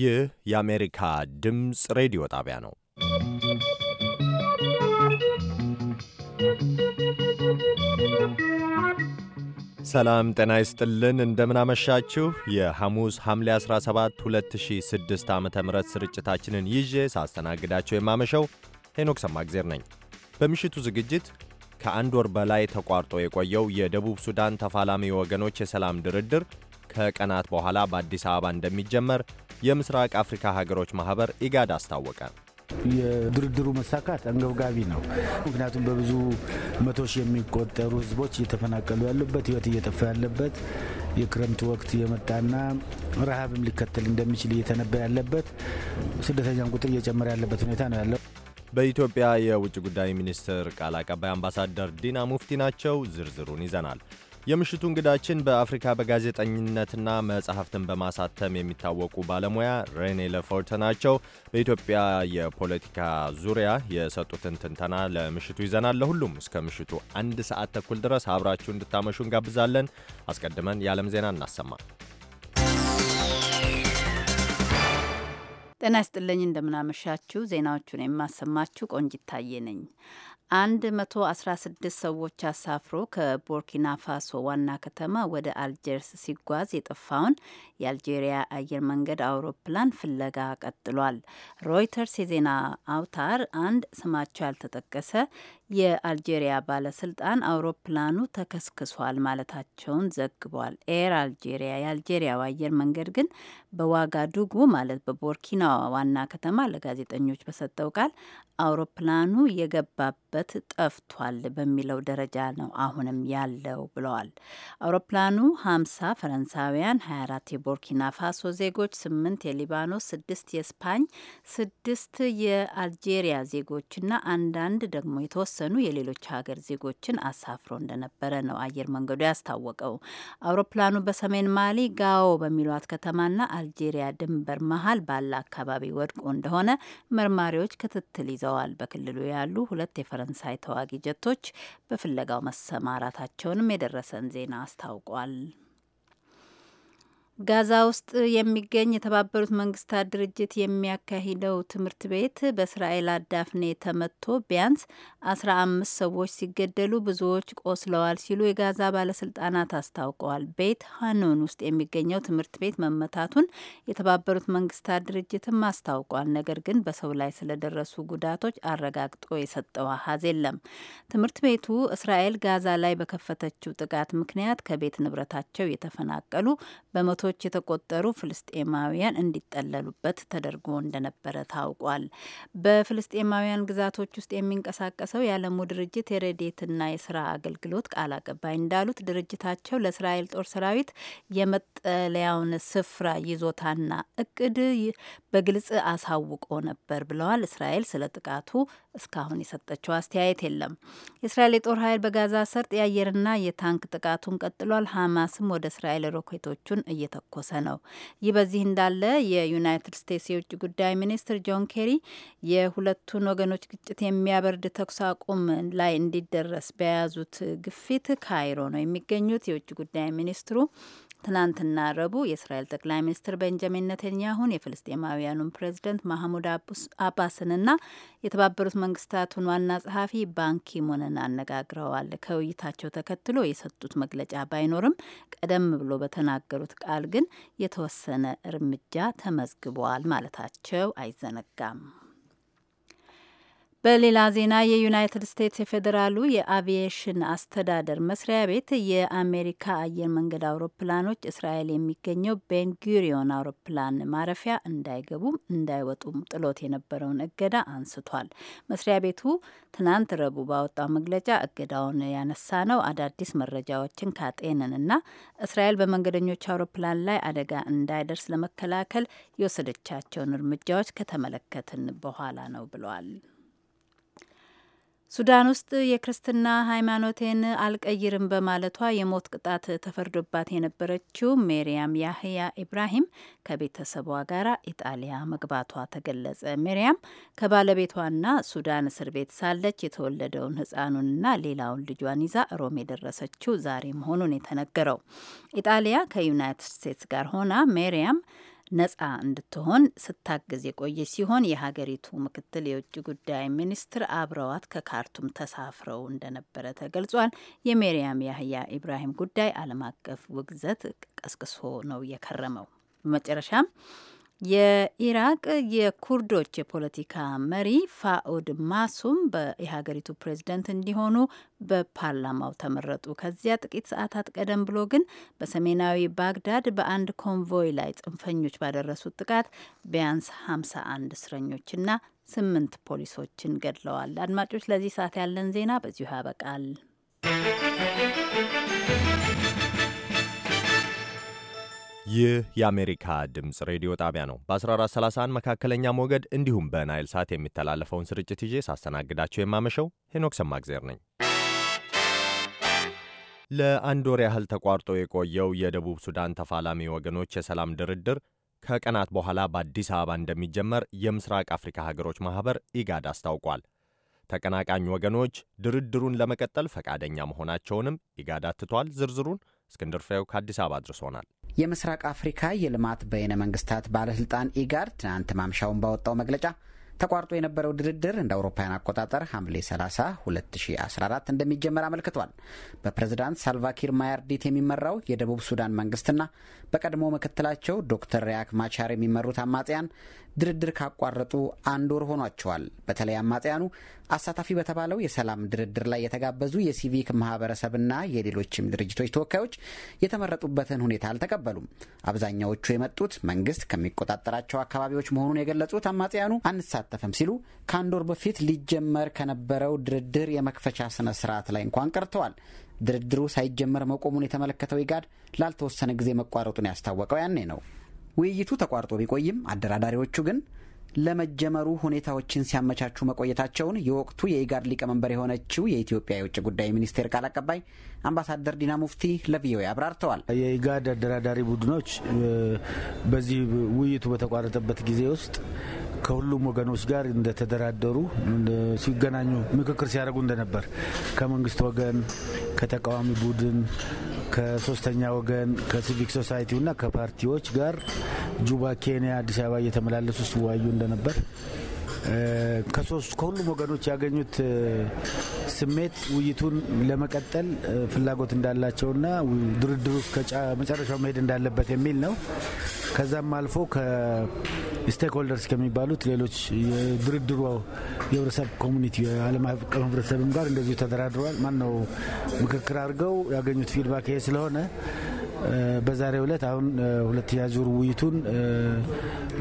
ይህ የአሜሪካ ድምፅ ሬዲዮ ጣቢያ ነው። ሰላም ጤና ይስጥልን። እንደምናመሻችሁ የሐሙስ ሐምሌ 17 2006 ዓ ም ስርጭታችንን ይዤ ሳስተናግዳቸው የማመሸው ሄኖክ ሰማግዜር ነኝ። በምሽቱ ዝግጅት ከአንድ ወር በላይ ተቋርጦ የቆየው የደቡብ ሱዳን ተፋላሚ ወገኖች የሰላም ድርድር ከቀናት በኋላ በአዲስ አበባ እንደሚጀመር የምስራቅ አፍሪካ ሀገሮች ማህበር ኢጋድ አስታወቀ። የድርድሩ መሳካት አንገብጋቢ ነው። ምክንያቱም በብዙ መቶ ሺህ የሚቆጠሩ ህዝቦች እየተፈናቀሉ ያሉበት፣ ህይወት እየጠፋ ያለበት፣ የክረምት ወቅት የመጣና ረሃብም ሊከተል እንደሚችል እየተነበ ያለበት፣ ስደተኛን ቁጥር እየጨመረ ያለበት ሁኔታ ነው ያለው። በኢትዮጵያ የውጭ ጉዳይ ሚኒስትር ቃል አቀባይ አምባሳደር ዲና ሙፍቲ ናቸው። ዝርዝሩን ይዘናል። የምሽቱ እንግዳችን በአፍሪካ በጋዜጠኝነትና መጽሐፍትን በማሳተም የሚታወቁ ባለሙያ ሬኔ ለፎርተ ናቸው። በኢትዮጵያ የፖለቲካ ዙሪያ የሰጡትን ትንተና ለምሽቱ ይዘናል። ለሁሉም እስከ ምሽቱ አንድ ሰዓት ተኩል ድረስ አብራችሁ እንድታመሹ እንጋብዛለን። አስቀድመን የዓለም ዜና እናሰማ። ጤና ይስጥልኝ እንደምናመሻችሁ። ዜናዎቹን የማሰማችሁ ቆንጂት ታዬ ነኝ። አንድ መቶ አስራ ስድስት ሰዎች አሳፍሮ ከቡርኪና ፋሶ ዋና ከተማ ወደ አልጀርስ ሲጓዝ የጠፋውን የአልጄሪያ አየር መንገድ አውሮፕላን ፍለጋ ቀጥሏል። ሮይተርስ የዜና አውታር አንድ ስማቸው ያልተጠቀሰ የአልጄሪያ ባለስልጣን አውሮፕላኑ ተከስክሷል ማለታቸውን ዘግቧል። ኤር አልጄሪያ የአልጄሪያው አየር መንገድ ግን በዋጋዱጉ ማለት በቦርኪና ዋና ከተማ ለጋዜጠኞች በሰጠው ቃል አውሮፕላኑ የገባበት ጠፍቷል በሚለው ደረጃ ነው አሁንም ያለው ብለዋል። አውሮፕላኑ 50 ፈረንሳውያን፣ 24 የቦርኪና ፋሶ ዜጎች፣ 8 የሊባኖስ፣ 6 የስፓኝ፣ 6 የአልጄሪያ ዜጎችና አንዳንድ ደግሞ የተወሰ የተወሰኑ የሌሎች ሀገር ዜጎችን አሳፍሮ እንደነበረ ነው አየር መንገዱ ያስታወቀው። አውሮፕላኑ በሰሜን ማሊ ጋዎ በሚሏት ከተማና አልጄሪያ ድንበር መሀል ባለ አካባቢ ወድቆ እንደሆነ መርማሪዎች ክትትል ይዘዋል። በክልሉ ያሉ ሁለት የፈረንሳይ ተዋጊ ጀቶች በፍለጋው መሰማራታቸውንም የደረሰን ዜና አስታውቋል። ጋዛ ውስጥ የሚገኝ የተባበሩት መንግስታት ድርጅት የሚያካሂደው ትምህርት ቤት በእስራኤል አዳፍኔ ተመቶ ቢያንስ አስራ አምስት ሰዎች ሲገደሉ ብዙዎች ቆስለዋል ሲሉ የጋዛ ባለስልጣናት አስታውቀዋል። ቤት ሀኑን ውስጥ የሚገኘው ትምህርት ቤት መመታቱን የተባበሩት መንግስታት ድርጅትም አስታውቋል። ነገር ግን በሰው ላይ ስለደረሱ ጉዳቶች አረጋግጦ የሰጠው አሀዝ የለም። ትምህርት ቤቱ እስራኤል ጋዛ ላይ በከፈተችው ጥቃት ምክንያት ከቤት ንብረታቸው የተፈናቀሉ በመቶ በመቶዎች የተቆጠሩ ፍልስጤማውያን እንዲጠለሉበት ተደርጎ እንደነበረ ታውቋል። በፍልስጤማውያን ግዛቶች ውስጥ የሚንቀሳቀሰው የዓለሙ ድርጅት የረዴትና የስራ አገልግሎት ቃል አቀባይ እንዳሉት ድርጅታቸው ለእስራኤል ጦር ሰራዊት የመጠለያውን ስፍራ ይዞታና እቅድ በግልጽ አሳውቆ ነበር ብለዋል። እስራኤል ስለ ጥቃቱ እስካሁን የሰጠችው አስተያየት የለም። የእስራኤል የጦር ኃይል በጋዛ ሰርጥ የአየርና የታንክ ጥቃቱን ቀጥሏል። ሀማስም ወደ እስራኤል ሮኬቶቹን እየ እያተኮሰ ነው። ይህ በዚህ እንዳለ የዩናይትድ ስቴትስ የውጭ ጉዳይ ሚኒስትር ጆን ኬሪ የሁለቱን ወገኖች ግጭት የሚያበርድ ተኩስ አቁም ላይ እንዲደረስ በያዙት ግፊት ካይሮ ነው የሚገኙት። የውጭ ጉዳይ ሚኒስትሩ ትናንትና ረቡዕ የእስራኤል ጠቅላይ ሚኒስትር ቤንጃሚን ኔተንያሁን የፍልስጤማውያኑን ፕሬዚደንት ማህሙድ አባስንና የተባበሩት መንግስታቱን ዋና ጸሐፊ ባንኪሙንን አነጋግረዋል። ከውይይታቸው ተከትሎ የሰጡት መግለጫ ባይኖርም ቀደም ብሎ በተናገሩት ቃል ግን የተወሰነ እርምጃ ተመዝግቧል ማለታቸው አይዘነጋም። በሌላ ዜና የዩናይትድ ስቴትስ የፌዴራሉ የአቪዬሽን አስተዳደር መስሪያ ቤት የአሜሪካ አየር መንገድ አውሮፕላኖች እስራኤል የሚገኘው ቤን አውሮፕላን ማረፊያ እንዳይገቡም እንዳይወጡም ጥሎት የነበረውን እገዳ አንስቷል። መስሪያ ቤቱ ትናንት ረቡዕ ባወጣው መግለጫ እገዳውን ያነሳ ነው አዳዲስ መረጃዎችን ካጤንን እና እስራኤል በመንገደኞች አውሮፕላን ላይ አደጋ እንዳይደርስ ለመከላከል የወሰደቻቸውን እርምጃዎች ከተመለከትን በኋላ ነው ብለዋል። ሱዳን ውስጥ የክርስትና ሃይማኖቴን አልቀይርም በማለቷ የሞት ቅጣት ተፈርዶባት የነበረችው ሜሪያም ያህያ ኢብራሂም ከቤተሰቧ ጋር ኢጣሊያ መግባቷ ተገለጸ። ሜሪያም ከባለቤቷና ሱዳን እስር ቤት ሳለች የተወለደውን ህጻኑንና ሌላውን ልጇን ይዛ ሮም የደረሰችው ዛሬ መሆኑን የተነገረው ኢጣሊያ ከዩናይትድ ስቴትስ ጋር ሆና ሜሪያም ነጻ እንድትሆን ስታግዝ የቆየች ሲሆን የሀገሪቱ ምክትል የውጭ ጉዳይ ሚኒስትር አብረዋት ከካርቱም ተሳፍረው እንደነበረ ተገልጿል። የሜሪያም ያህያ ኢብራሂም ጉዳይ ዓለም አቀፍ ውግዘት ቀስቅሶ ነው የከረመው። በመጨረሻም የኢራቅ የኩርዶች የፖለቲካ መሪ ፋኡድ ማሱም የሀገሪቱ ፕሬዝደንት እንዲሆኑ በፓርላማው ተመረጡ። ከዚያ ጥቂት ሰዓታት ቀደም ብሎ ግን በሰሜናዊ ባግዳድ በአንድ ኮንቮይ ላይ ጽንፈኞች ባደረሱት ጥቃት ቢያንስ 51 እስረኞችና ስምንት ፖሊሶችን ገድለዋል። አድማጮች፣ ለዚህ ሰዓት ያለን ዜና በዚሁ ያበቃል። ይህ የአሜሪካ ድምፅ ሬዲዮ ጣቢያ ነው። በ1431 መካከለኛ ሞገድ እንዲሁም በናይል ሳት የሚተላለፈውን ስርጭት ይዤ ሳስተናግዳቸው የማመሸው ሄኖክ ሰማግዜር ነኝ። ለአንድ ወር ያህል ተቋርጦ የቆየው የደቡብ ሱዳን ተፋላሚ ወገኖች የሰላም ድርድር ከቀናት በኋላ በአዲስ አበባ እንደሚጀመር የምስራቅ አፍሪካ ሀገሮች ማኅበር ኢጋድ አስታውቋል። ተቀናቃኝ ወገኖች ድርድሩን ለመቀጠል ፈቃደኛ መሆናቸውንም ኢጋድ አትቷል። ዝርዝሩን እስክንድር ፍሬው ከአዲስ አበባ አድርሶናል። የምስራቅ አፍሪካ የልማት በይነ መንግስታት ባለስልጣን ኢጋድ ትናንት ማምሻውን ባወጣው መግለጫ ተቋርጦ የነበረው ድርድር እንደ አውሮፓውያን አቆጣጠር ሐምሌ 30 2014 እንደሚጀመር አመልክቷል። በፕሬዝዳንት ሳልቫኪር ማያርዲት የሚመራው የደቡብ ሱዳን መንግስትና በቀድሞ ምክትላቸው ዶክተር ሪያክ ማቻር የሚመሩት አማጽያን ድርድር ካቋረጡ አንድ ወር ሆኗቸዋል። በተለይ አማጽያኑ አሳታፊ በተባለው የሰላም ድርድር ላይ የተጋበዙ የሲቪክ ማህበረሰብና የሌሎችም ድርጅቶች ተወካዮች የተመረጡበትን ሁኔታ አልተቀበሉም። አብዛኛዎቹ የመጡት መንግስት ከሚቆጣጠራቸው አካባቢዎች መሆኑን የገለጹት አማጽያኑ አንሳተፍም ሲሉ ከአንድ ወር በፊት ሊጀመር ከነበረው ድርድር የመክፈቻ ስነ ስርዓት ላይ እንኳን ቀርተዋል። ድርድሩ ሳይጀመር መቆሙን የተመለከተው ኢጋድ ላልተወሰነ ጊዜ መቋረጡን ያስታወቀው ያኔ ነው። ውይይቱ ተቋርጦ ቢቆይም አደራዳሪዎቹ ግን ለመጀመሩ ሁኔታዎችን ሲያመቻቹ መቆየታቸውን የወቅቱ የኢጋድ ሊቀመንበር የሆነችው የኢትዮጵያ የውጭ ጉዳይ ሚኒስቴር ቃል አቀባይ አምባሳደር ዲና ሙፍቲ ለቪኦኤ አብራርተዋል። የኢጋድ አደራዳሪ ቡድኖች በዚህ ውይይቱ በተቋረጠበት ጊዜ ውስጥ ከሁሉም ወገኖች ጋር እንደተደራደሩ ሲገናኙ ምክክር ሲያደርጉ እንደነበር ከመንግስት ወገን፣ ከተቃዋሚ ቡድን፣ ከሶስተኛ ወገን፣ ከሲቪክ ሶሳይቲውና ከፓርቲዎች ጋር ጁባ ኬንያ፣ አዲስ አበባ እየተመላለሱ ሲወያዩ እንደነበር ከሶስት ከሁሉም ወገኖች ያገኙት ስሜት ውይይቱን ለመቀጠል ፍላጎት እንዳላቸውና ድርድሩ መጨረሻው መሄድ እንዳለበት የሚል ነው። ከዛም አልፎ ከስቴክሆልደርስ ከሚባሉት ሌሎች የድርድሩ የህብረተሰብ ኮሚኒቲ የዓለም አቀፍ ህብረተሰብም ጋር እንደዚሁ ተደራድረዋል። ማን ነው ምክክር አድርገው ያገኙት ፊድባክ ይሄ ስለሆነ በዛሬው ዕለት አሁን ሁለተኛ ዙር ውይይቱን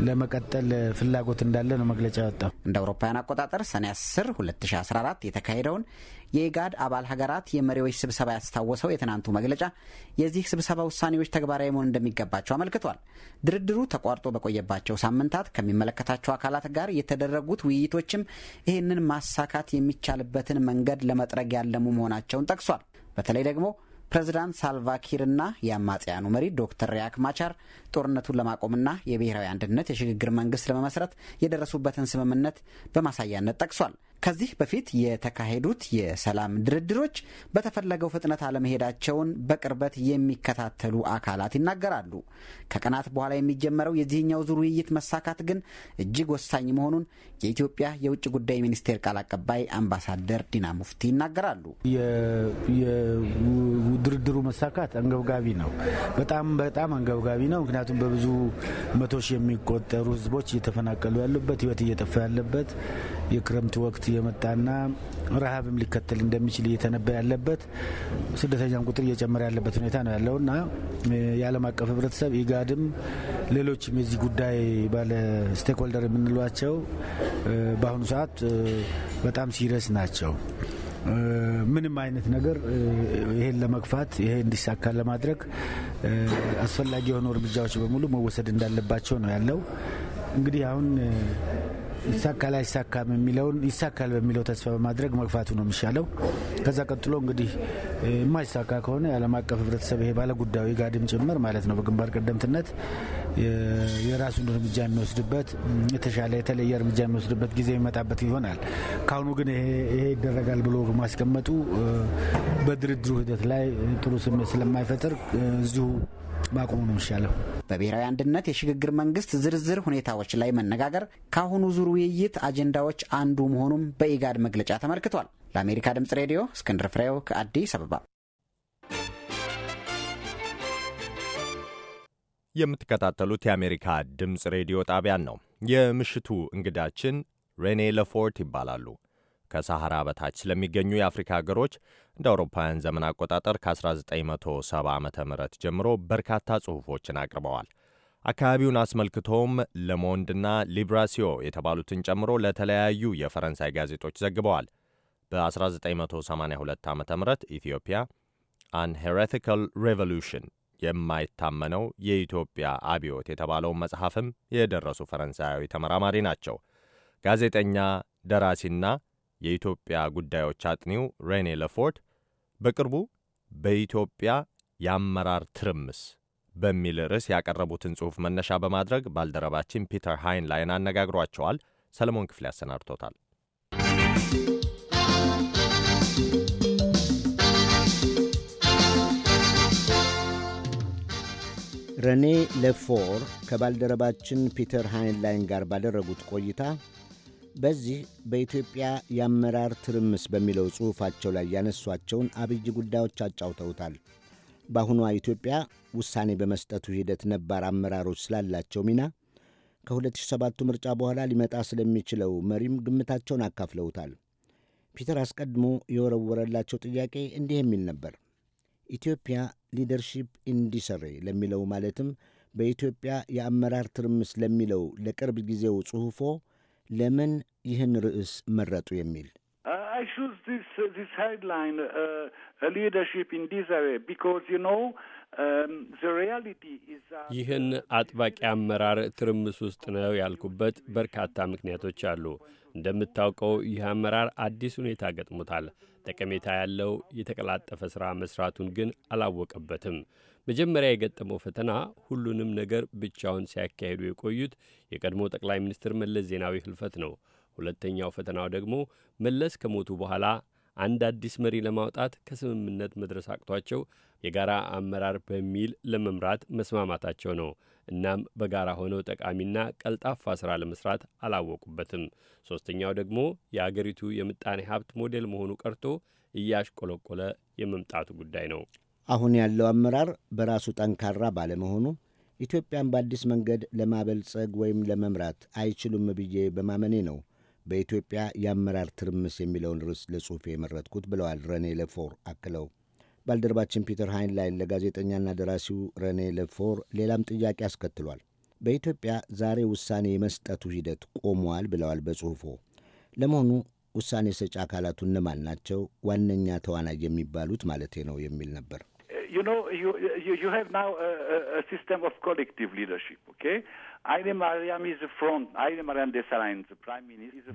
ለመቀጠል ፍላጎት እንዳለ ነው መግለጫ ያወጣው። እንደ አውሮፓውያን አቆጣጠር ሰኔ 10 2014 የተካሄደውን የኢጋድ አባል ሀገራት የመሪዎች ስብሰባ ያስታወሰው የትናንቱ መግለጫ የዚህ ስብሰባ ውሳኔዎች ተግባራዊ መሆን እንደሚገባቸው አመልክቷል። ድርድሩ ተቋርጦ በቆየባቸው ሳምንታት ከሚመለከታቸው አካላት ጋር የተደረጉት ውይይቶችም ይህንን ማሳካት የሚቻልበትን መንገድ ለመጥረግ ያለሙ መሆናቸውን ጠቅሷል። በተለይ ደግሞ ፕሬዝዳንት ሳልቫኪርና የአማጽያኑ መሪ ዶክተር ሪያክ ማቻር ጦርነቱን ለማቆምና የብሔራዊ አንድነት የሽግግር መንግስት ለመመስረት የደረሱበትን ስምምነት በማሳያነት ጠቅሷል። ከዚህ በፊት የተካሄዱት የሰላም ድርድሮች በተፈለገው ፍጥነት አለመሄዳቸውን በቅርበት የሚከታተሉ አካላት ይናገራሉ። ከቀናት በኋላ የሚጀመረው የዚህኛው ዙር ውይይት መሳካት ግን እጅግ ወሳኝ መሆኑን የኢትዮጵያ የውጭ ጉዳይ ሚኒስቴር ቃል አቀባይ አምባሳደር ዲና ሙፍቲ ይናገራሉ። የድርድሩ መሳካት አንገብጋቢ ነው። በጣም በጣም አንገብጋቢ ነው። ምክንያቱም በብዙ መቶ ሺህ የሚቆጠሩ ህዝቦች እየተፈናቀሉ ያሉበት ህይወት እየጠፋ ያለበት የክረምት ወቅት የመጣና ረሃብም ሊከተል እንደሚችል እየተነበ ያለበት ስደተኛም ቁጥር እየጨመረ ያለበት ሁኔታ ነው እና የዓለም አቀፍ ህብረተሰብ፣ ኢጋድም፣ ሌሎችም የዚህ ጉዳይ ባለ ስቴክሆልደር የምንሏቸው በአሁኑ ሰዓት በጣም ሲሪየስ ናቸው። ምንም አይነት ነገር ይሄን ለመግፋት ይሄ እንዲሳካ ለማድረግ አስፈላጊ የሆኑ እርምጃዎች በሙሉ መወሰድ እንዳለባቸው ነው ያለው። እንግዲህ አሁን ይሳካል አይሳካም የሚለውን ይሳካል በሚለው ተስፋ በማድረግ መግፋቱ ነው የሚሻለው። ከዛ ቀጥሎ እንግዲህ የማይሳካ ከሆነ የዓለም አቀፍ ህብረተሰብ ይሄ ባለጉዳዩ ጋድም ጭምር ማለት ነው በግንባር ቀደምትነት የራሱን እርምጃ የሚወስድበት የተሻለ የተለየ እርምጃ የሚወስድበት ጊዜ የሚመጣበት ይሆናል። ከአሁኑ ግን ይሄ ይደረጋል ብሎ ማስቀመጡ በድርድሩ ሂደት ላይ ጥሩ ስሜት ስለማይፈጥር እዚሁ በአቁሙ ነው በብሔራዊ አንድነት የሽግግር መንግስት ዝርዝር ሁኔታዎች ላይ መነጋገር ከአሁኑ ዙር ውይይት አጀንዳዎች አንዱ መሆኑም በኢጋድ መግለጫ ተመልክቷል። ለአሜሪካ ድምጽ ሬዲዮ እስክንድር ፍሬው ከአዲስ አበባ። የምትከታተሉት የአሜሪካ ድምፅ ሬዲዮ ጣቢያን ነው። የምሽቱ እንግዳችን ሬኔ ለፎርት ይባላሉ። ከሳሐራ በታች ስለሚገኙ የአፍሪካ ሀገሮች እንደ አውሮፓውያን ዘመን አቆጣጠር ከ1970 ዓ ም ጀምሮ በርካታ ጽሑፎችን አቅርበዋል። አካባቢውን አስመልክቶም ለሞንድና ሊብራሲዮ የተባሉትን ጨምሮ ለተለያዩ የፈረንሳይ ጋዜጦች ዘግበዋል። በ1982 ዓ ም ኢትዮጵያ አን ሄሬቲካል ሬቮሉሽን የማይታመነው የኢትዮጵያ አብዮት የተባለውን መጽሐፍም የደረሱ ፈረንሳያዊ ተመራማሪ ናቸው። ጋዜጠኛ ደራሲና የኢትዮጵያ ጉዳዮች አጥኒው ሬኔ ለፎርድ በቅርቡ በኢትዮጵያ የአመራር ትርምስ በሚል ርዕስ ያቀረቡትን ጽሑፍ መነሻ በማድረግ ባልደረባችን ፒተር ሃይን ላይን አነጋግሯቸዋል። ሰለሞን ክፍሌ አሰናድቶታል። ረኔ ለፎር ከባልደረባችን ፒተር ሃይንላይን ጋር ባደረጉት ቆይታ በዚህ በኢትዮጵያ የአመራር ትርምስ በሚለው ጽሑፋቸው ላይ ያነሷቸውን አብይ ጉዳዮች አጫውተውታል። በአሁኗ ኢትዮጵያ ውሳኔ በመስጠቱ ሂደት ነባር አመራሮች ስላላቸው ሚና፣ ከ2007ቱ ምርጫ በኋላ ሊመጣ ስለሚችለው መሪም ግምታቸውን አካፍለውታል። ፒተር አስቀድሞ የወረወረላቸው ጥያቄ እንዲህ የሚል ነበር። ኢትዮጵያ ሊደርሺፕ ኢንዲሰሬ ለሚለው ማለትም በኢትዮጵያ የአመራር ትርምስ ለሚለው ለቅርብ ጊዜው ጽሑፎ ለምን ይህን ርዕስ መረጡ የሚል ይህን አጥባቂ አመራር ትርምስ ውስጥ ነው ያልኩበት በርካታ ምክንያቶች አሉ። እንደምታውቀው ይህ አመራር አዲስ ሁኔታ ገጥሞታል። ጠቀሜታ ያለው የተቀላጠፈ ሥራ መስራቱን ግን አላወቀበትም። መጀመሪያ የገጠመው ፈተና ሁሉንም ነገር ብቻውን ሲያካሂዱ የቆዩት የቀድሞ ጠቅላይ ሚኒስትር መለስ ዜናዊ ህልፈት ነው። ሁለተኛው ፈተናው ደግሞ መለስ ከሞቱ በኋላ አንድ አዲስ መሪ ለማውጣት ከስምምነት መድረስ አቅቷቸው የጋራ አመራር በሚል ለመምራት መስማማታቸው ነው። እናም በጋራ ሆነው ጠቃሚና ቀልጣፋ ሥራ ለመስራት አላወቁበትም። ሦስተኛው ደግሞ የአገሪቱ የምጣኔ ሀብት ሞዴል መሆኑ ቀርቶ እያሽቆለቆለ የመምጣቱ ጉዳይ ነው። አሁን ያለው አመራር በራሱ ጠንካራ ባለመሆኑ ኢትዮጵያን በአዲስ መንገድ ለማበልጸግ ወይም ለመምራት አይችሉም ብዬ በማመኔ ነው በኢትዮጵያ የአመራር ትርምስ የሚለውን ርዕስ ለጽሑፌ የመረጥኩት ብለዋል ረኔ ለፎር አክለው። ባልደረባችን ፒተር ሃይን ላይን ለጋዜጠኛና ደራሲው ረኔ ለፎር ሌላም ጥያቄ አስከትሏል። በኢትዮጵያ ዛሬ ውሳኔ የመስጠቱ ሂደት ቆሟል ብለዋል በጽሑፎ። ለመሆኑ ውሳኔ ሰጪ አካላቱ እነማን ናቸው? ዋነኛ ተዋናይ የሚባሉት ማለቴ ነው የሚል ነበር። you know, you, you, you have now a, a, system of collective leadership, okay?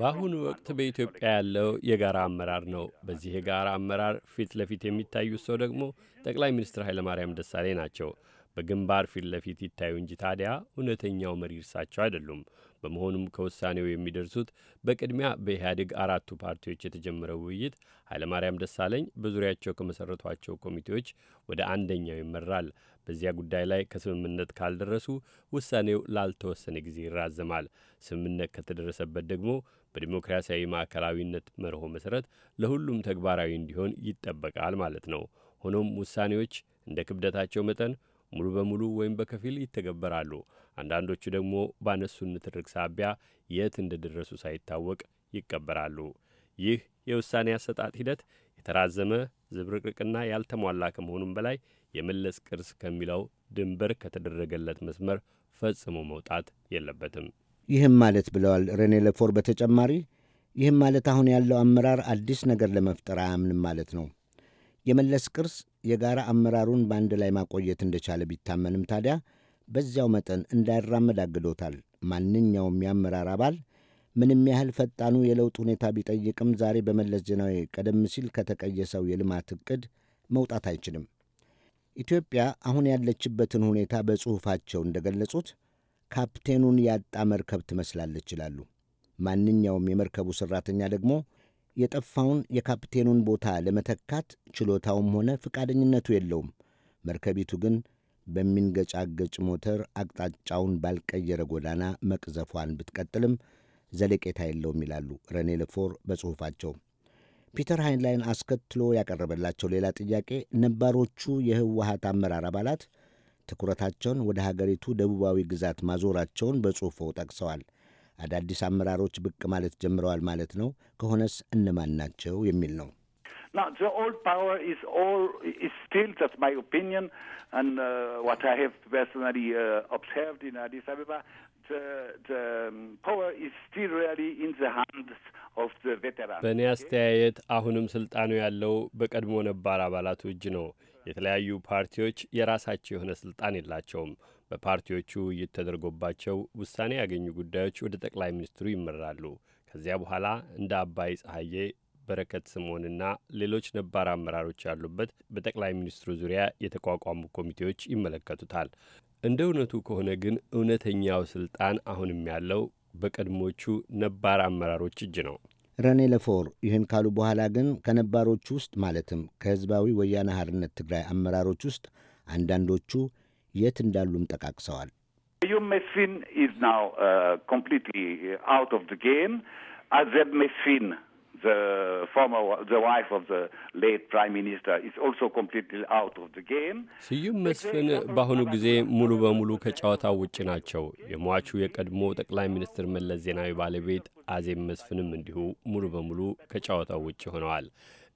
በአሁኑ ወቅት በኢትዮጵያ ያለው የጋራ አመራር ነው። በዚህ የጋራ አመራር ፊት ለፊት የሚታዩት ሰው ደግሞ ጠቅላይ ሚኒስትር ኃይለማርያም ደሳሌ ናቸው። በግንባር ፊት ለፊት ይታዩ እንጂ ታዲያ እውነተኛው መሪ እርሳቸው አይደሉም። በመሆኑም ከውሳኔው የሚደርሱት በቅድሚያ በኢህአዴግ አራቱ ፓርቲዎች የተጀመረው ውይይት ኃይለማርያም ደሳለኝ በዙሪያቸው ከመሠረቷቸው ኮሚቴዎች ወደ አንደኛው ይመራል። በዚያ ጉዳይ ላይ ከስምምነት ካልደረሱ ውሳኔው ላልተወሰነ ጊዜ ይራዘማል። ስምምነት ከተደረሰበት ደግሞ በዲሞክራሲያዊ ማዕከላዊነት መርሆ መሠረት ለሁሉም ተግባራዊ እንዲሆን ይጠበቃል ማለት ነው። ሆኖም ውሳኔዎች እንደ ክብደታቸው መጠን ሙሉ በሙሉ ወይም በከፊል ይተገበራሉ። አንዳንዶቹ ደግሞ ባነሱን ንትርክ ሳቢያ የት እንደደረሱ ሳይታወቅ ይቀበራሉ። ይህ የውሳኔ አሰጣጥ ሂደት የተራዘመ ዝብርቅርቅና ያልተሟላ ከመሆኑም በላይ የመለስ ቅርስ ከሚለው ድንበር ከተደረገለት መስመር ፈጽሞ መውጣት የለበትም። ይህም ማለት ብለዋል ሬኔ ለፎር በተጨማሪ ይህም ማለት አሁን ያለው አመራር አዲስ ነገር ለመፍጠር አያምንም ማለት ነው። የመለስ ቅርስ የጋራ አመራሩን በአንድ ላይ ማቆየት እንደቻለ ቢታመንም ታዲያ በዚያው መጠን እንዳይራመድ አግዶታል። ማንኛውም የአመራር አባል ምንም ያህል ፈጣኑ የለውጥ ሁኔታ ቢጠይቅም ዛሬ በመለስ ዜናዊ ቀደም ሲል ከተቀየሰው የልማት ዕቅድ መውጣት አይችልም። ኢትዮጵያ አሁን ያለችበትን ሁኔታ በጽሑፋቸው እንደገለጹት ካፕቴኑን ያጣ መርከብ ትመስላለች ይላሉ። ማንኛውም የመርከቡ ሠራተኛ ደግሞ የጠፋውን የካፕቴኑን ቦታ ለመተካት ችሎታውም ሆነ ፈቃደኝነቱ የለውም። መርከቢቱ ግን በሚንገጫገጭ ሞተር አቅጣጫውን ባልቀየረ ጎዳና መቅዘፏን ብትቀጥልም ዘለቄታ የለውም ይላሉ ረኔ ለፎር በጽሑፋቸው። ፒተር ሃይንላይን አስከትሎ ያቀረበላቸው ሌላ ጥያቄ ነባሮቹ የህወሀት አመራር አባላት ትኩረታቸውን ወደ ሀገሪቱ ደቡባዊ ግዛት ማዞራቸውን በጽሑፎ ጠቅሰዋል። አዳዲስ አመራሮች ብቅ ማለት ጀምረዋል ማለት ነው። ከሆነስ እነማን ናቸው የሚል ነው። በእኔ አስተያየት አሁንም ስልጣኑ ያለው በቀድሞ ነባር አባላቱ እጅ ነው። የተለያዩ ፓርቲዎች የራሳቸው የሆነ ስልጣን የላቸውም። በፓርቲዎቹ ውይይት ተደርጎባቸው ውሳኔ ያገኙ ጉዳዮች ወደ ጠቅላይ ሚኒስትሩ ይመራሉ። ከዚያ በኋላ እንደ አባይ ጸሐዬ በረከት ስምዖንና ሌሎች ነባር አመራሮች ያሉበት በጠቅላይ ሚኒስትሩ ዙሪያ የተቋቋሙ ኮሚቴዎች ይመለከቱታል። እንደ እውነቱ ከሆነ ግን እውነተኛው ስልጣን አሁንም ያለው በቀድሞቹ ነባር አመራሮች እጅ ነው። ረኔ ለፎር ይህን ካሉ በኋላ ግን ከነባሮቹ ውስጥ ማለትም ከህዝባዊ ወያነ ሓርነት ትግራይ አመራሮች ውስጥ አንዳንዶቹ የት እንዳሉም ጠቃቅሰዋል። ኢዝ ናው ስዩም መስፍን በአሁኑ ጊዜ ሙሉ በሙሉ ከጨዋታው ውጭ ናቸው። የሟቹ የቀድሞ ጠቅላይ ሚኒስትር መለስ ዜናዊ ባለቤት አዜብ መስፍንም እንዲሁ ሙሉ በሙሉ ከጨዋታው ውጭ ሆነዋል።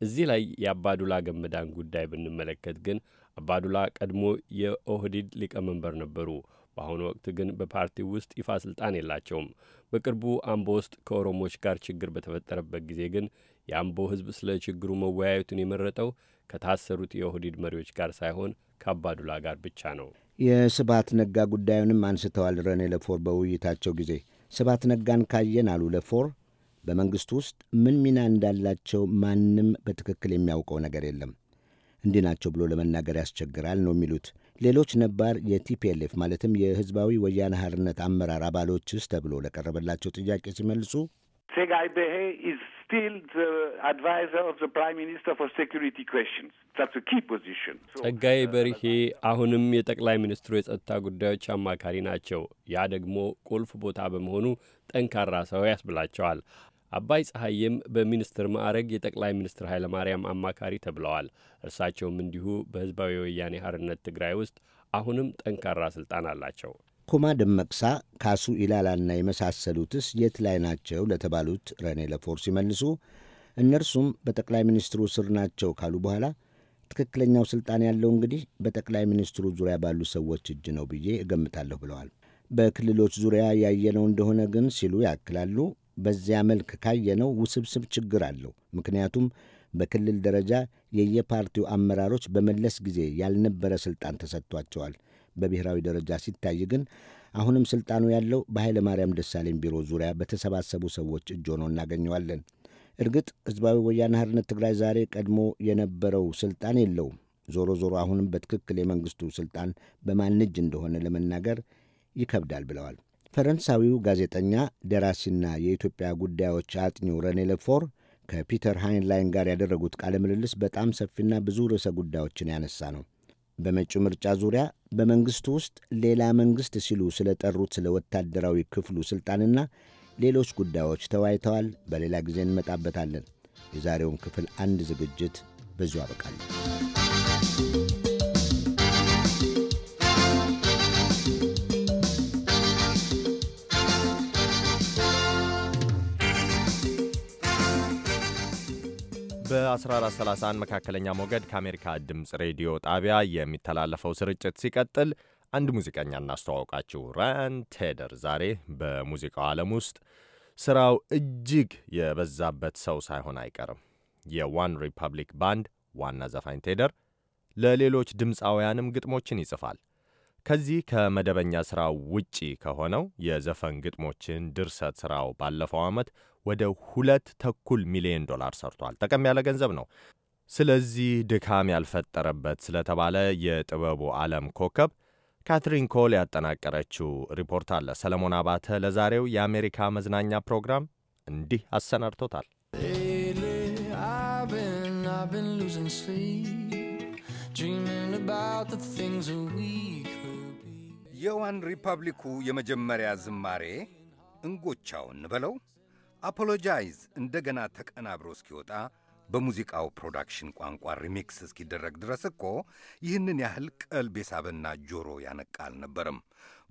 እዚህ ላይ የአባዱላ ገመዳን ጉዳይ ብንመለከት ግን አባዱላ ቀድሞ የኦህዲድ ሊቀመንበር ነበሩ። በአሁኑ ወቅት ግን በፓርቲው ውስጥ ይፋ ስልጣን የላቸውም። በቅርቡ አምቦ ውስጥ ከኦሮሞዎች ጋር ችግር በተፈጠረበት ጊዜ ግን የአምቦ ሕዝብ ስለ ችግሩ መወያየቱን የመረጠው ከታሰሩት የኦህዲድ መሪዎች ጋር ሳይሆን ከአባዱላ ጋር ብቻ ነው። የስባት ነጋ ጉዳዩንም አንስተዋል። ረኔ ለፎር በውይይታቸው ጊዜ ስብሀት ነጋን ካየን አሉ ለፎር በመንግስቱ ውስጥ ምን ሚና እንዳላቸው ማንም በትክክል የሚያውቀው ነገር የለም። እንዲህ ናቸው ብሎ ለመናገር ያስቸግራል ነው የሚሉት። ሌሎች ነባር የቲፒኤልኤፍ ማለትም የህዝባዊ ወያነ ሀርነት አመራር አባሎችስ ተብሎ ለቀረበላቸው ጥያቄ ሲመልሱ ሴጋይ ቤሄ ኢዝ ስቲል አድቫይዘር ኦፍ ፕራይም ሚኒስተር ፎር ሴኩሪቲ ኩዌስችንስ ጸጋዬ uh, በርሄ አሁንም የጠቅላይ ሚኒስትሩ የጸጥታ ጉዳዮች አማካሪ ናቸው። ያ ደግሞ ቁልፍ ቦታ በመሆኑ ጠንካራ ሰው ያስብላቸዋል። አባይ ፀሐይም በሚኒስትር ማዕረግ የጠቅላይ ሚኒስትር ኃይለማርያም አማካሪ ተብለዋል። እርሳቸውም እንዲሁ በህዝባዊ ወያኔ ሀርነት ትግራይ ውስጥ አሁንም ጠንካራ ስልጣን አላቸው። ኩማ ደመቅሳ፣ ካሱ ኢላላና የመሳሰሉትስ የት ላይ ናቸው ለተባሉት ረኔ ለፎር ሲመልሱ እነርሱም በጠቅላይ ሚኒስትሩ ስር ናቸው ካሉ በኋላ ትክክለኛው ስልጣን ያለው እንግዲህ በጠቅላይ ሚኒስትሩ ዙሪያ ባሉ ሰዎች እጅ ነው ብዬ እገምታለሁ ብለዋል። በክልሎች ዙሪያ ያየነው እንደሆነ ግን ሲሉ ያክላሉ በዚያ መልክ ካየነው ውስብስብ ችግር አለው። ምክንያቱም በክልል ደረጃ የየፓርቲው አመራሮች በመለስ ጊዜ ያልነበረ ስልጣን ተሰጥቷቸዋል። በብሔራዊ ደረጃ ሲታይ ግን አሁንም ስልጣኑ ያለው በኃይለ ማርያም ደሳለኝ ቢሮ ዙሪያ በተሰባሰቡ ሰዎች እጅ ሆኖ እናገኘዋለን። እርግጥ ሕዝባዊ ወያነ ሓርነት ትግራይ ዛሬ ቀድሞ የነበረው ስልጣን የለውም። ዞሮ ዞሮ አሁንም በትክክል የመንግስቱ ስልጣን በማን እጅ እንደሆነ ለመናገር ይከብዳል ብለዋል። ፈረንሳዊው ጋዜጠኛ ደራሲና የኢትዮጵያ ጉዳዮች አጥኚው ረኔ ለፎር ከፒተር ሃይንላይን ጋር ያደረጉት ቃለ ምልልስ በጣም ሰፊና ብዙ ርዕሰ ጉዳዮችን ያነሳ ነው። በመጪው ምርጫ ዙሪያ በመንግሥቱ ውስጥ ሌላ መንግስት ሲሉ ስለጠሩት ስለ ወታደራዊ ክፍሉ ሥልጣንና ሌሎች ጉዳዮች ተወያይተዋል። በሌላ ጊዜ እንመጣበታለን። የዛሬውን ክፍል አንድ ዝግጅት በዚሁ አበቃል። በ1431 መካከለኛ ሞገድ ከአሜሪካ ድምፅ ሬዲዮ ጣቢያ የሚተላለፈው ስርጭት ሲቀጥል አንድ ሙዚቀኛ እናስተዋውቃችሁ። ራያን ቴደር ዛሬ በሙዚቃው ዓለም ውስጥ ስራው እጅግ የበዛበት ሰው ሳይሆን አይቀርም። የዋን ሪፐብሊክ ባንድ ዋና ዘፋኝ ቴደር ለሌሎች ድምፃውያንም ግጥሞችን ይጽፋል። ከዚህ ከመደበኛ ስራው ውጪ ከሆነው የዘፈን ግጥሞችን ድርሰት ስራው ባለፈው ዓመት ወደ ሁለት ተኩል ሚሊዮን ዶላር ሰርቷል። ጠቀም ያለ ገንዘብ ነው። ስለዚህ ድካም ያልፈጠረበት ስለተባለ የጥበቡ ዓለም ኮከብ ካትሪን ኮል ያጠናቀረችው ሪፖርት አለ። ሰለሞን አባተ ለዛሬው የአሜሪካ መዝናኛ ፕሮግራም እንዲህ አሰናድቶታል። የዋን ሪፐብሊኩ የመጀመሪያ ዝማሬ እንጎቻውን በለው አፖሎጃይዝ እንደገና ተቀናብሮ እስኪወጣ በሙዚቃው ፕሮዳክሽን ቋንቋ ሪሚክስ እስኪደረግ ድረስ እኮ ይህንን ያህል ቀልብ የሳበና ጆሮ ያነቃ አልነበርም።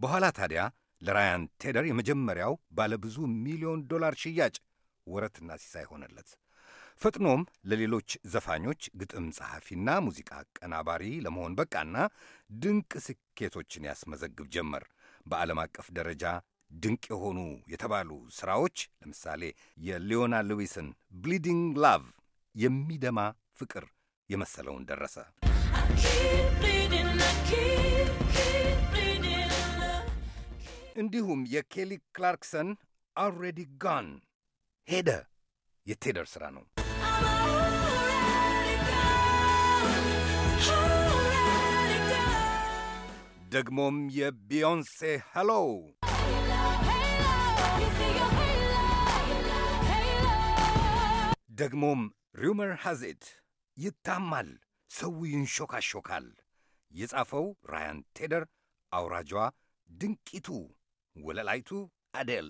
በኋላ ታዲያ ለራያን ቴደር የመጀመሪያው ባለብዙ ሚሊዮን ዶላር ሽያጭ ወረትና ሲሳይ ሆነለት። ፈጥኖም ለሌሎች ዘፋኞች ግጥም ጸሐፊና ሙዚቃ አቀናባሪ ለመሆን በቃና ድንቅ ስኬቶችን ያስመዘግብ ጀመር። በዓለም አቀፍ ደረጃ ድንቅ የሆኑ የተባሉ ስራዎች ለምሳሌ የሊዮና ሉዊስን ብሊዲንግ ላቭ የሚደማ ፍቅር የመሰለውን ደረሰ። እንዲሁም የኬሊ ክላርክሰን አልሬዲ ጋን ሄደ የቴደር ስራ ነው። ደግሞም የቢዮንሴ ሄሎ ደግሞም ሩመር ሃዚት ይታማል፣ ሰው ይንሾካሾካል። የጻፈው ራያን ቴደር፣ አውራጇ ድንቂቱ ወለላይቱ አዴል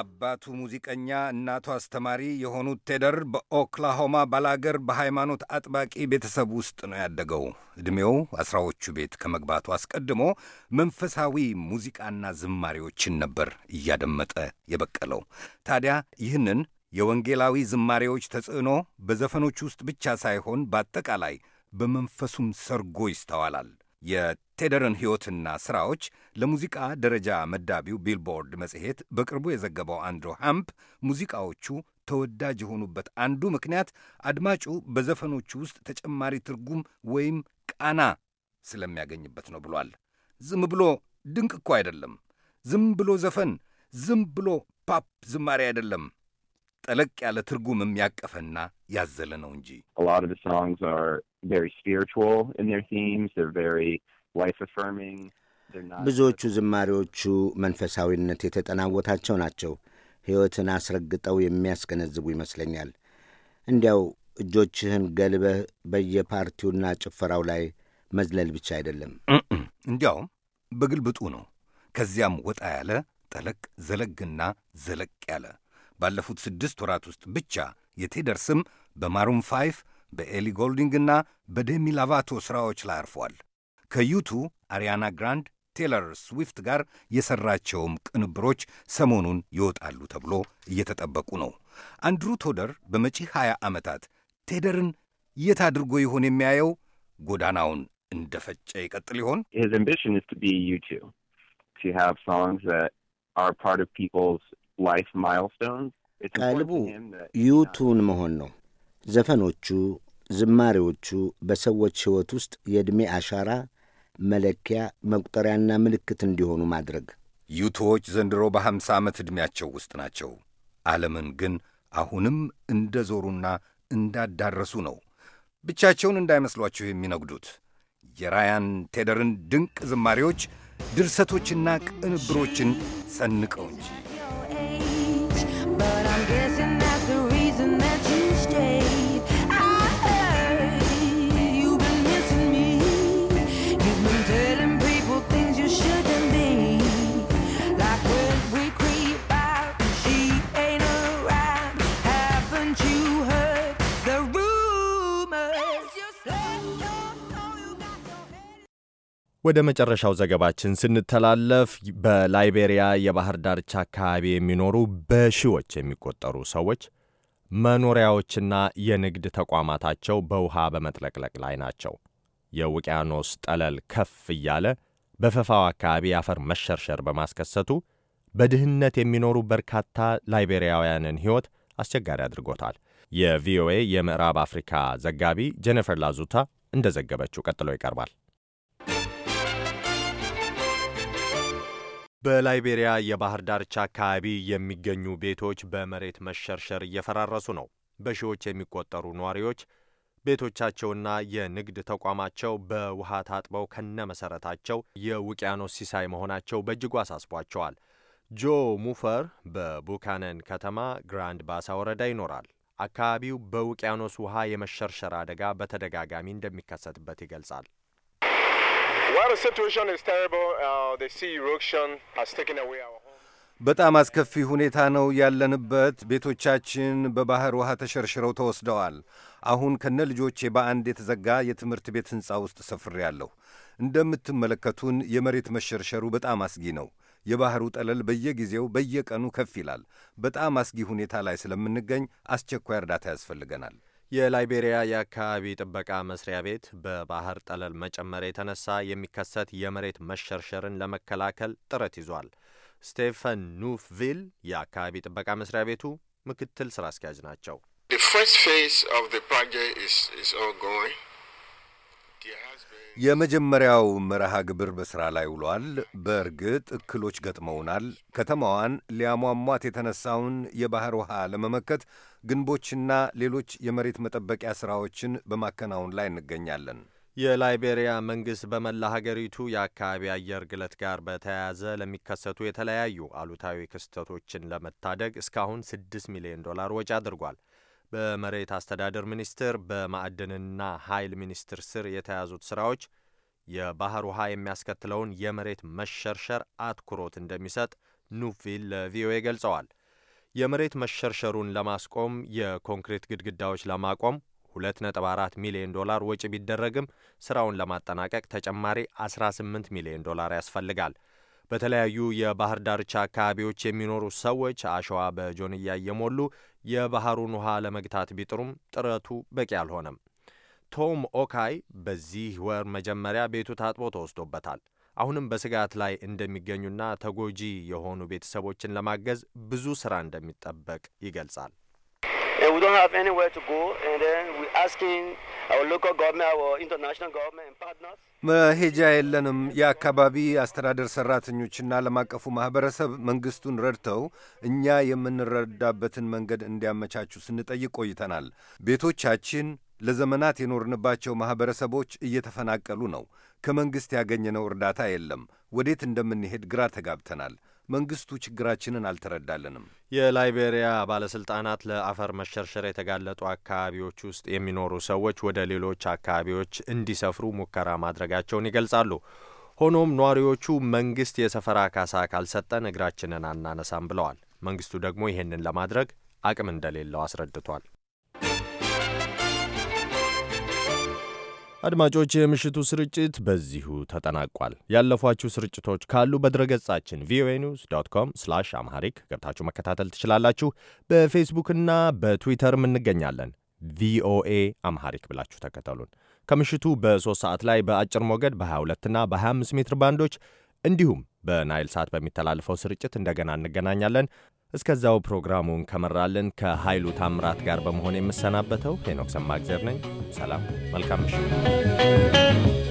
አባቱ ሙዚቀኛ፣ እናቱ አስተማሪ የሆኑት ቴደር በኦክላሆማ ባላገር በሃይማኖት አጥባቂ ቤተሰብ ውስጥ ነው ያደገው። ዕድሜው አስራዎቹ ቤት ከመግባቱ አስቀድሞ መንፈሳዊ ሙዚቃና ዝማሬዎችን ነበር እያደመጠ የበቀለው። ታዲያ ይህንን የወንጌላዊ ዝማሬዎች ተጽዕኖ በዘፈኖች ውስጥ ብቻ ሳይሆን በአጠቃላይ በመንፈሱም ሰርጎ ይስተዋላል። የቴደርን ሕይወትና ሥራዎች ለሙዚቃ ደረጃ መዳቢው ቢልቦርድ መጽሔት በቅርቡ የዘገበው አንድሮ ሃምፕ ሙዚቃዎቹ ተወዳጅ የሆኑበት አንዱ ምክንያት አድማጩ በዘፈኖቹ ውስጥ ተጨማሪ ትርጉም ወይም ቃና ስለሚያገኝበት ነው ብሏል። ዝም ብሎ ድንቅ እኮ አይደለም። ዝም ብሎ ዘፈን፣ ዝም ብሎ ፓፕ ዝማሬ አይደለም። ጠለቅ ያለ ትርጉምም ያቀፈና ያዘለ ነው እንጂ very spiritual in their themes. They're very life affirming. ብዙዎቹ ዝማሬዎቹ መንፈሳዊነት የተጠናወታቸው ናቸው። ሕይወትን አስረግጠው የሚያስገነዝቡ ይመስለኛል። እንዲያው እጆችህን ገልበህ በየፓርቲውና ጭፈራው ላይ መዝለል ብቻ አይደለም። እንዲያውም በግልብጡ ነው። ከዚያም ወጣ ያለ ጠለቅ ዘለግና ዘለቅ ያለ ባለፉት ስድስት ወራት ውስጥ ብቻ የቴደር ስም በማሩም ፋይፍ በኤሊ ጎልዲንግና በዴሚ ላቫቶ ሥራዎች ላይ አርፏል። ከዩቱ አሪያና ግራንድ፣ ቴለር ስዊፍት ጋር የሠራቸውም ቅንብሮች ሰሞኑን ይወጣሉ ተብሎ እየተጠበቁ ነው። አንድሩ ቶደር በመጪ 20 ዓመታት ቴደርን የት አድርጎ ይሆን የሚያየው? ጎዳናውን እንደፈጨ ይቀጥል ይሆን? ቀልቡ ዩቱን መሆን ነው። ዘፈኖቹ ዝማሬዎቹ በሰዎች ሕይወት ውስጥ የዕድሜ አሻራ መለኪያ መቁጠሪያና ምልክት እንዲሆኑ ማድረግ። ዩቱዎች ዘንድሮ በሐምሳ ዓመት ዕድሜያቸው ውስጥ ናቸው። ዓለምን ግን አሁንም እንደ ዞሩና እንዳዳረሱ ነው። ብቻቸውን እንዳይመስሏችሁ የሚነግዱት የራያን ቴደርን ድንቅ ዝማሬዎች ድርሰቶችና ቅንብሮችን ሰንቀው እንጂ ወደ መጨረሻው ዘገባችን ስንተላለፍ በላይቤሪያ የባህር ዳርቻ አካባቢ የሚኖሩ በሺዎች የሚቆጠሩ ሰዎች መኖሪያዎችና የንግድ ተቋማታቸው በውሃ በመጥለቅለቅ ላይ ናቸው። የውቅያኖስ ጠለል ከፍ እያለ በፈፋው አካባቢ የአፈር መሸርሸር በማስከሰቱ በድህነት የሚኖሩ በርካታ ላይቤሪያውያንን ሕይወት አስቸጋሪ አድርጎታል። የቪኦኤ የምዕራብ አፍሪካ ዘጋቢ ጄኒፈር ላዙታ እንደዘገበችው ቀጥሎ ይቀርባል። በላይቤሪያ የባህር ዳርቻ አካባቢ የሚገኙ ቤቶች በመሬት መሸርሸር እየፈራረሱ ነው። በሺዎች የሚቆጠሩ ነዋሪዎች ቤቶቻቸውና የንግድ ተቋማቸው በውሃ ታጥበው ከነመሰረታቸው የውቅያኖስ ሲሳይ መሆናቸው በእጅጉ አሳስቧቸዋል። ጆ ሙፈር በቡካነን ከተማ ግራንድ ባሳ ወረዳ ይኖራል። አካባቢው በውቅያኖስ ውሃ የመሸርሸር አደጋ በተደጋጋሚ እንደሚከሰትበት ይገልጻል። Uh, በጣም አስከፊ ሁኔታ ነው ያለንበት። ቤቶቻችን በባህር ውሃ ተሸርሽረው ተወስደዋል። አሁን ከነ ልጆቼ በአንድ የተዘጋ የትምህርት ቤት ሕንፃ ውስጥ ሰፍሬያለሁ። እንደምትመለከቱን የመሬት መሸርሸሩ በጣም አስጊ ነው። የባህሩ ጠለል በየጊዜው በየቀኑ ከፍ ይላል። በጣም አስጊ ሁኔታ ላይ ስለምንገኝ አስቸኳይ እርዳታ ያስፈልገናል። የላይቤሪያ የአካባቢ ጥበቃ መስሪያ ቤት በባህር ጠለል መጨመር የተነሳ የሚከሰት የመሬት መሸርሸርን ለመከላከል ጥረት ይዟል። ስቴፈን ኑፍቪል የአካባቢ ጥበቃ መስሪያ ቤቱ ምክትል ስራ አስኪያጅ ናቸው። የመጀመሪያው መርሃ ግብር በሥራ ላይ ውሏል። በእርግጥ እክሎች ገጥመውናል። ከተማዋን ሊያሟሟት የተነሳውን የባህር ውሃ ለመመከት ግንቦችና ሌሎች የመሬት መጠበቂያ ስራዎችን በማከናወን ላይ እንገኛለን። የላይቤሪያ መንግስት በመላ ሀገሪቱ የአካባቢ አየር ግለት ጋር በተያያዘ ለሚከሰቱ የተለያዩ አሉታዊ ክስተቶችን ለመታደግ እስካሁን 6 ሚሊዮን ዶላር ወጪ አድርጓል። በመሬት አስተዳደር ሚኒስቴር በማዕድንና ኃይል ሚኒስቴር ስር የተያዙት ስራዎች የባህር ውሃ የሚያስከትለውን የመሬት መሸርሸር አትኩሮት እንደሚሰጥ ኑቪል ለቪኦኤ ገልጸዋል። የመሬት መሸርሸሩን ለማስቆም የኮንክሪት ግድግዳዎች ለማቆም 2.4 ሚሊዮን ዶላር ወጪ ቢደረግም ስራውን ለማጠናቀቅ ተጨማሪ 18 ሚሊዮን ዶላር ያስፈልጋል። በተለያዩ የባህር ዳርቻ አካባቢዎች የሚኖሩ ሰዎች አሸዋ በጆንያ እየሞሉ የባህሩን ውሃ ለመግታት ቢጥሩም ጥረቱ በቂ አልሆነም። ቶም ኦካይ በዚህ ወር መጀመሪያ ቤቱ ታጥቦ ተወስዶበታል። አሁንም በስጋት ላይ እንደሚገኙና ተጎጂ የሆኑ ቤተሰቦችን ለማገዝ ብዙ ስራ እንደሚጠበቅ ይገልጻል። መሄጃ የለንም። የአካባቢ አስተዳደር ሠራተኞችና ዓለም አቀፉ ማኅበረሰብ መንግሥቱን ረድተው እኛ የምንረዳበትን መንገድ እንዲያመቻቹ ስንጠይቅ ቆይተናል። ቤቶቻችን ለዘመናት የኖርንባቸው ማኅበረሰቦች እየተፈናቀሉ ነው። ከመንግሥት ያገኘነው እርዳታ የለም። ወዴት እንደምንሄድ ግራ ተጋብተናል። መንግስቱ ችግራችንን አልተረዳልንም። የላይቤሪያ ባለስልጣናት ለአፈር መሸርሸር የተጋለጡ አካባቢዎች ውስጥ የሚኖሩ ሰዎች ወደ ሌሎች አካባቢዎች እንዲሰፍሩ ሙከራ ማድረጋቸውን ይገልጻሉ። ሆኖም ነዋሪዎቹ መንግስት የሰፈራ ካሳ ካልሰጠን እግራችንን አናነሳም ብለዋል። መንግስቱ ደግሞ ይህንን ለማድረግ አቅም እንደሌለው አስረድቷል። አድማጮች፣ የምሽቱ ስርጭት በዚሁ ተጠናቋል። ያለፏችሁ ስርጭቶች ካሉ በድረገጻችን ቪኦኤ ኒውስ ዶት ኮም ስላሽ አምሃሪክ ገብታችሁ መከታተል ትችላላችሁ። በፌስቡክና በትዊተርም እንገኛለን። ቪኦኤ አምሃሪክ ብላችሁ ተከተሉን። ከምሽቱ በሶስት ሰዓት ላይ በአጭር ሞገድ በ22ና በ25 ሜትር ባንዶች እንዲሁም በናይል ሳት በሚተላለፈው ስርጭት እንደገና እንገናኛለን። እስከዛው ፕሮግራሙን ከመራልን ከኃይሉ ታምራት ጋር በመሆን የምሰናበተው ሄኖክ ሰማግዘር ነኝ። ሰላም፣ መልካም ምሽት።